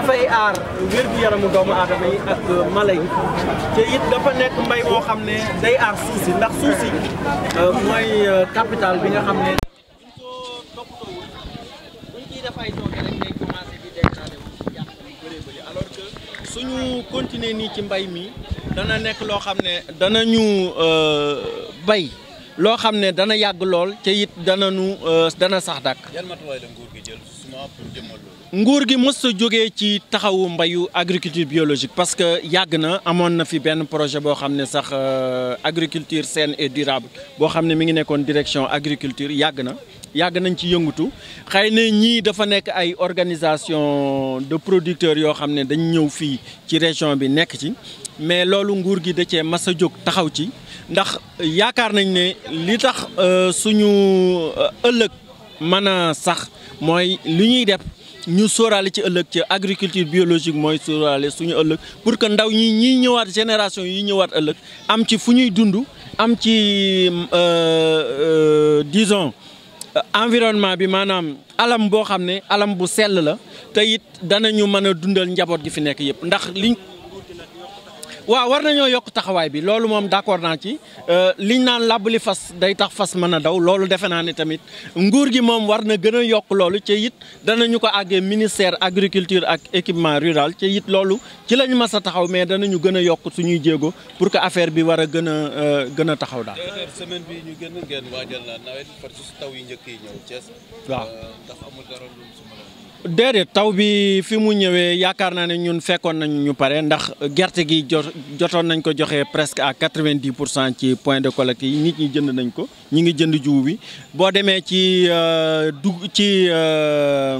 dafay aar wér yaramu doomu aadama yi ak mala yi te it dafa nekk mbay moo xam ne day aar suuf ndax suuf euh, mooy euh, capital bi nga xam ne suñu continuer nii ci mbay mi dana nekk loo xam ne dana ñu euh, bay loo xam ne dana yàgg lool ci it dana nu dana sax dàkk nguur gi mës a jógee ci taxawu mbayu agriculture biologique parce que yàgg na amoon na fi benn projet boo xam ne sax euh, agriculture saine et durable boo xam ne mi ngi nekkoon direction agriculture yàgg na yàgg nañ ci yëngutu xëy na ñii dafa nekk ay organisation de producteurs yoo xam ne dañ ñëw fii ci région bi nekk ci mais loolu nguur gi da cee mas a jóg taxaw ci ndax yaakaar nañ ne li tax euh, suñu euh, ëllëg mën a sax mooy li ñuy def ñu sóoraale ci ëllëg ci agriculture biologique mooy sóoraale suñu ëllëg pour que ndaw ñi ñiy ñëwaat génération yi ñëwaat ëllëg am ci fu ñuy dund am ci euh, euh, dison environnement bi maanaam alam boo xam ne alam bu sell la te it danañu mën a dundal njaboot gi fi nekk yëpp ndax liñ waaw war nañoo yokk taxawaay bi loolu moom d'accord naa ci euh, liñ naan làbbali fas day tax fas mën a daw loolu defe naa ne tamit nguur gi moom war na gën a yokk loolu ci it danañu ko àggee ministère agriculture ak équipement rural ci it loolu ci lañ mas a taxaw mais danañu gën a yokk suñuy jéego pour que affaire bi war a gën a euh, gën a taxaw daal. semaine bi ñu gën ngeen waajal nawet taw yu njëkk yi ñëw Thiès. déedéet taw bi fi mu ñëwee yaakaar naa ne ñun fekkoon nañu ñu pare ndax gerte gi jo jotoon nañ ko joxe presque à quatre pour cent ci point de collecte yi nit ñi jënd nañ ko ñi ngi jënd jiwu bi boo demee ci euh, dug ci euh,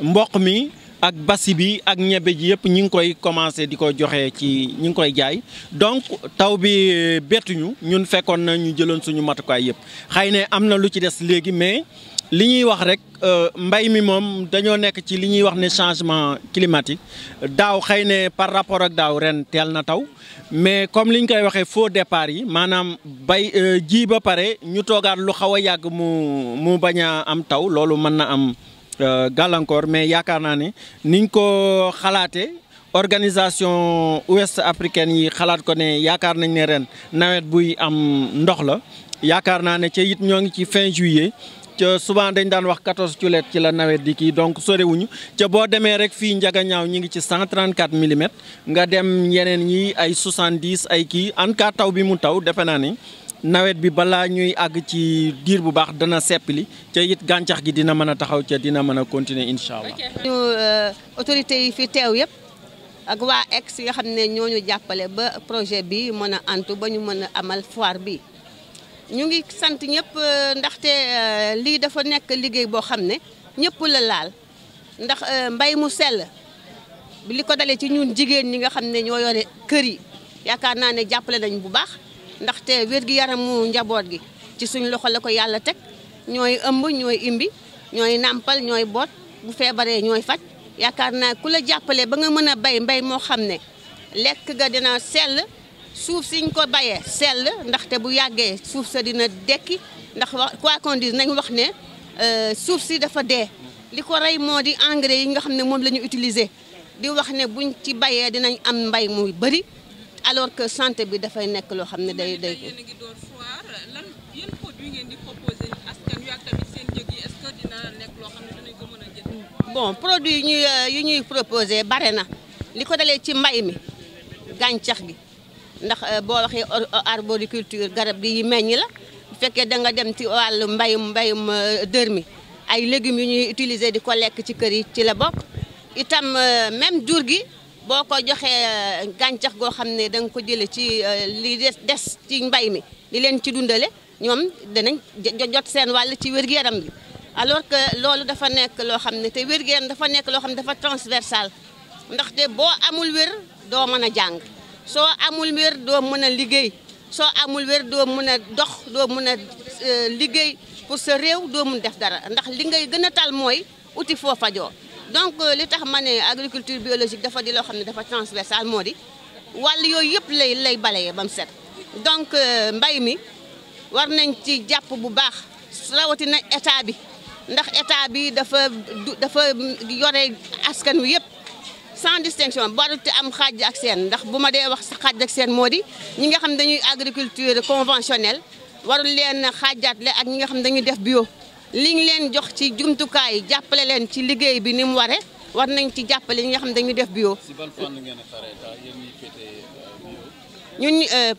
mboq mi. ak bassi bi ak ñebe ji yëpp ñi ngi koy commencé di ko joxe ci ñi ngi koy jaay donc taw bi euh, bettuñu ñun fekkoon na ñu jëloon suñu matukaay yëpp xëy na am na lu ci des léegi mais li ñuy wax rek euh, mbay mi moom dañoo nekk ci li ñuy wax ne changement climatique daaw xëy na par rapport ak daaw ren teel na taw mais comme li ñu koy waxee foo départ yi maanaam bay euh, ji ba pare ñu toogaat lu xaw a yàgg mu mu bañ a am taw loolu mën na am. Euh, gàllankoor mais yaakaar naa ne niñ ko xalaatee organisation ouest africaine yi xalaat ko ne yaakaar nañ ne ren nawet buy am ndox la yaakaar naa ne ca it ñoo ngi ci fin juillet ca souvent dañ daan wax 14 culet ci la nawet di kii donc sorewuñu ca boo demee rek fii Ndiaganiao ñi ngi ci 134 millimètres nga dem yeneen yi ay 70 ay kii en cas taw bi mu taw defe naa ni nawet bi balaa ñuy àgg ci diir bu baax dana seppali ca it gàncax gi dina mën a taxaw ca dina mën a continuer incha allah. Euh, autorité yi fi teew yëpp ak waa ex yoo xam ne ñoo ñu jàppale ba projet bi mën a antu ba ñu mën a amal foire bi ñu ngi sant ñëpp euh, ndaxte euh, lii dafa nekk liggéey boo xam ne ñëpp la laal ndax mbay mu sell li ko dalee ci ñun jigéen ñi nga xam ne ñoo yore kër yi yaakaar naa ne jàppale nañ bu baax. ndaxte wér-gi-yaramu njaboot gi ci suñ loxo la ko yàlla teg ñooy ëmb ñooy imbi ñooy nàmpal ñooy boot bu feebaree ñooy faj yaakaar naa ku la jàppale ba nga mën a bay mbay moo xam ne lekk ga dina sell suuf siñ ko bayee sell ndaxte bu yàggee suuf sa dina dekki ndax wax quoi nañ wax ne euh, suuf si dafa dee li ko rey moo di engrais yi nga xam ne moom la ñu utiliser di wax ne buñ ci bayee dinañ am mbay muy bëri alors que santé bi dafay nekk loo xam ne day day. produit ngeen bon produit yi ñuy euh, yi proposé bare na li ko dalee ci mbay mi gàncax gi ndax euh, boo waxee euh, arboriculture garab gi yi meññ la bu fekkee da nga dem ci wàllu mbayum mbayum dër mi ay légumes yu ñuy utiliser di ko lekk ci kër yi ci la bokk itam même jur gi. boo ko joxee euh, gàncax goo xam ne da nga ko jëlee ci euh, li des des ci mbay mi di leen ci dundale ñoom danañ jot seen wàll ci wér-gu-yaram bi alors que loolu dafa nekk loo xam ne te wér-gu-yaram dafa nekk loo xam ne dafa transversal ndaxte boo amul wér doo mën a jàng soo amul wér doo mën a liggéey soo amul wér doo mën a dox doo mën a euh, liggéey pour sa réew doo mun def dara ndax li ngay gën a tal mooy uti foo fajoo donc euh, li tax ma ne agriculture biologique dafa di loo xam ne dafa transversal moo di wàll yooyu yëpp lay lay balayee ba mu set donc euh, mbay mi war nañ ci jàpp bu baax rawatina état bi ndax état bi dafa dafa yore askan wi yëpp sans distinction barute am xaaj ak seen ndax bu ma dee wax sa xaaj ak seen moo di ñi nga xam dañuy agriculture conventionnel warul leen xaajaat le ak ñi nga xam dañuy def bio li liñ leen jox ci jumtukaay jàppale leen ci liggéey bi ni mu ware war nañ ci jàppale ñi nga xam ne dañuy def bio. si ban fànn ngeen xaree yéen euh, ñi euh,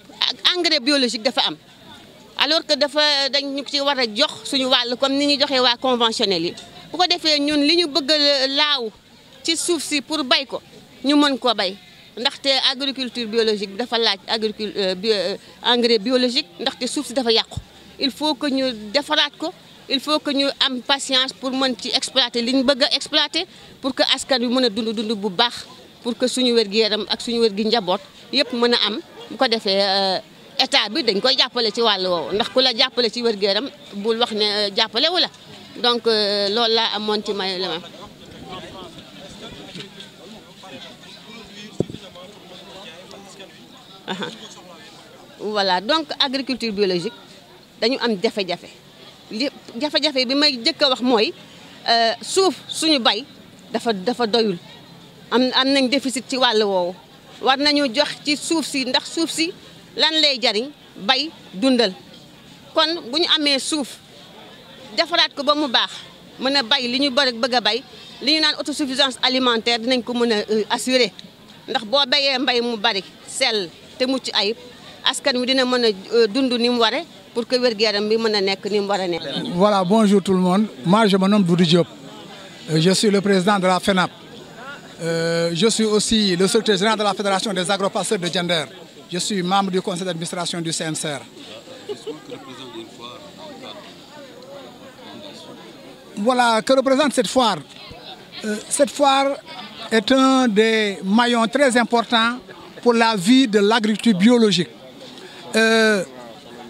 engrais biologique dafa am alors que dafa dañ ñu ci war a jox suñu wàll comme ni ñu joxee waa conventionnel yi bu ko defee ñun li ñu bëgg laaw ci suuf si pour bay ko ñu mën ko bay ndaxte agriculture biologique dafa laaj agriculture euh, engrais biologique ndaxte suuf si dafa yàqu il faut que ñu defaraat ko. il faut que ñu am patience pour mën ci exploiter li ñu bëgg exploité pour que askan wi mën a dund dund bu baax pour que suñu wér gi yaram ak suñu wér gi njaboot yëpp mën a am bu ko defee euh, état bi dañ koy jàppale ci wàll woow ndax ku la jàppale ci wér gi yaram bul wax ne euh, jàppale wu donc euh, loolu laa amoon ci may la voilà donc agriculture biologique dañu am jafe-jafe li jafe-jafe bi may jëkk a wax mooy euh, suuf suñu bay dafa dafa doyul am am nañ déficit ci wàll woowu war nañu jox ci suuf si ndax suuf si lan lay jariñ bay dundal kon bu ñu amee suuf defaraat ko ba mu baax mën a bay li ñu bëri bëgg a bay li ñu naan autosuffisance alimentaire dinañ ko mën a euh, assurer ndax boo bayee mbay mu bari sell te mucc ayib askan wi dina mën a euh, dund ni mu ware pour que wér-gu-yaram bi mën a nekk ni mu a nekk. voilà bonjour tout le monde moi je me nomme Doudou Diop euh, je suis le président de la FENAP euh, je suis aussi le secrétaire général de la fédération des agropasteurs de Diender je suis membre du conseil d'administration du CNCR. voilà que représente cette foire euh, est des maillons très importants pour la vie de l'agriculture biologique. Euh,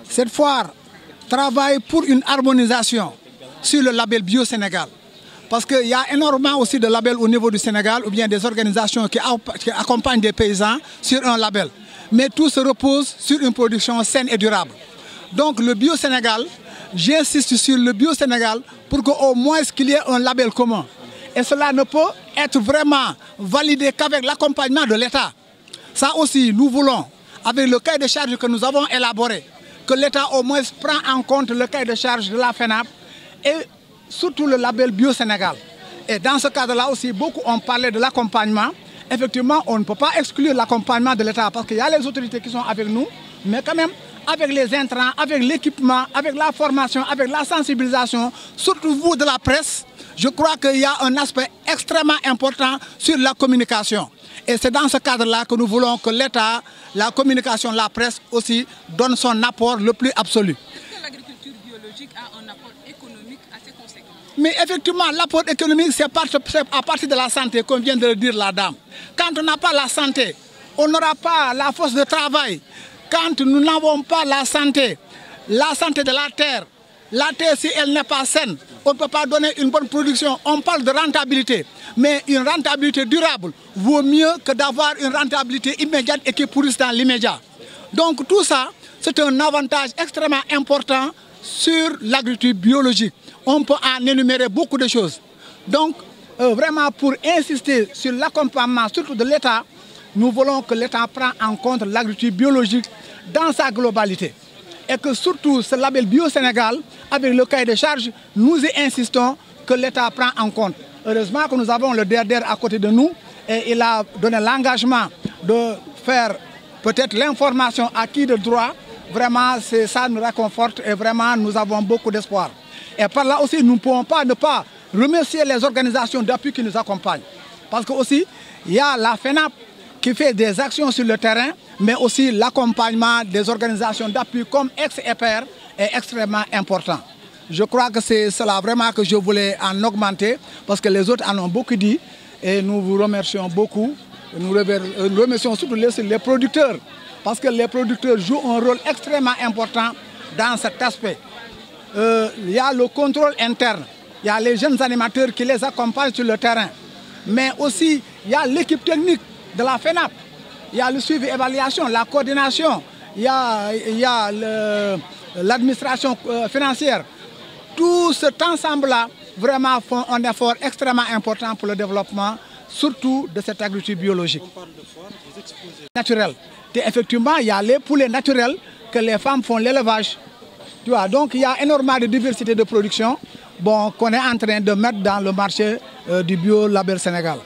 Cette fois travaille pour une harmonisation sur le label Bio Sénégal. Parce qu'il y a énormément aussi de labels au niveau du Sénégal ou bien des organisations qui accompagnent des paysans sur un label. Mais tout se repose sur une production saine et durable. Donc le Bio Sénégal, j'insiste sur le Bio Sénégal pour au moins qu'il y ait un label commun. Et cela ne peut être vraiment validé qu'avec l'accompagnement de l'État. Ça aussi, nous voulons, avec le cahier de charges que nous avons élaboré, que l'État au moins prend en compte le cahier de charge de la FENAP et surtout le label Bio-Sénégal. Et dans ce cadre-là aussi, beaucoup ont parlé de l'accompagnement. Effectivement, on ne peut pas exclure l'accompagnement de l'État parce qu'il y a les autorités qui sont avec nous, mais quand même, avec les intrants, avec l'équipement, avec la formation, avec la sensibilisation, surtout vous de la presse, je crois qu'il y a un aspect extrêmement important sur la communication. Et c'est dans ce cadre-là que nous voulons que l'État, la communication, la presse aussi donne son apport le plus absolu. Est-ce que l'agriculture biologique a un apport économique assez conséquent Mais effectivement, l'apport économique, c'est à partir de la santé, comme vient de le dire la dame. Quand on n'a pas la santé, on n'aura pas la force de travail. Quand nous n'avons pas la santé, la santé de la terre, La terre, si elle n'est pas saine, on ne peut pas donner une bonne production. On parle de rentabilité, mais une rentabilité durable vaut mieux que d'avoir une rentabilité immédiate et qui pourrisse dans l'immédiat. Donc tout ça, c'est un avantage extrêmement important sur l'agriculture biologique. On peut en énumérer beaucoup de choses. Donc euh, vraiment pour insister sur l'accompagnement, surtout de l'État, nous voulons que l'État prenne en compte l'agriculture biologique dans sa globalité. Et que surtout ce label Bio-Sénégal avec le cahier de charge, nous y insistons que l'État prend en compte. Heureusement que nous avons le DRDR à côté de nous et il a donné l'engagement de faire peut-être l'information à qui de droit. Vraiment, ça nous réconforte et vraiment, nous avons beaucoup d'espoir. Et par là aussi, nous ne pouvons pas ne pas remercier les organisations d'appui qui nous accompagnent. Parce que aussi, il y a la FENAP qui fait des actions sur le terrain, mais aussi l'accompagnement des organisations d'appui comme ex est extrêmement important. Je crois que c'est cela vraiment que je voulais en augmenter parce que les autres en ont beaucoup dit et nous vous remercions beaucoup. Nous euh, remercions surtout les producteurs parce que les producteurs jouent un rôle extrêmement important dans cet aspect. Euh, il euh, y a le contrôle interne, il les jeunes animateurs qui les accompagnent sur le terrain, mais aussi il l'équipe technique de la FENAP, il y le suivi évaluation, la coordination, il le l'administration euh, financière, tout cet ensemble-là vraiment font un effort extrêmement important pour le développement, surtout de cette agriculture biologique. On parle de foire, des exposés. Naturel. Et effectivement, il y a les poulets naturels que les femmes font l'élevage. donc il y a énormément de diversité de production bon, qu'on est en train de mettre dans le marché euh, du bio label Sénégal.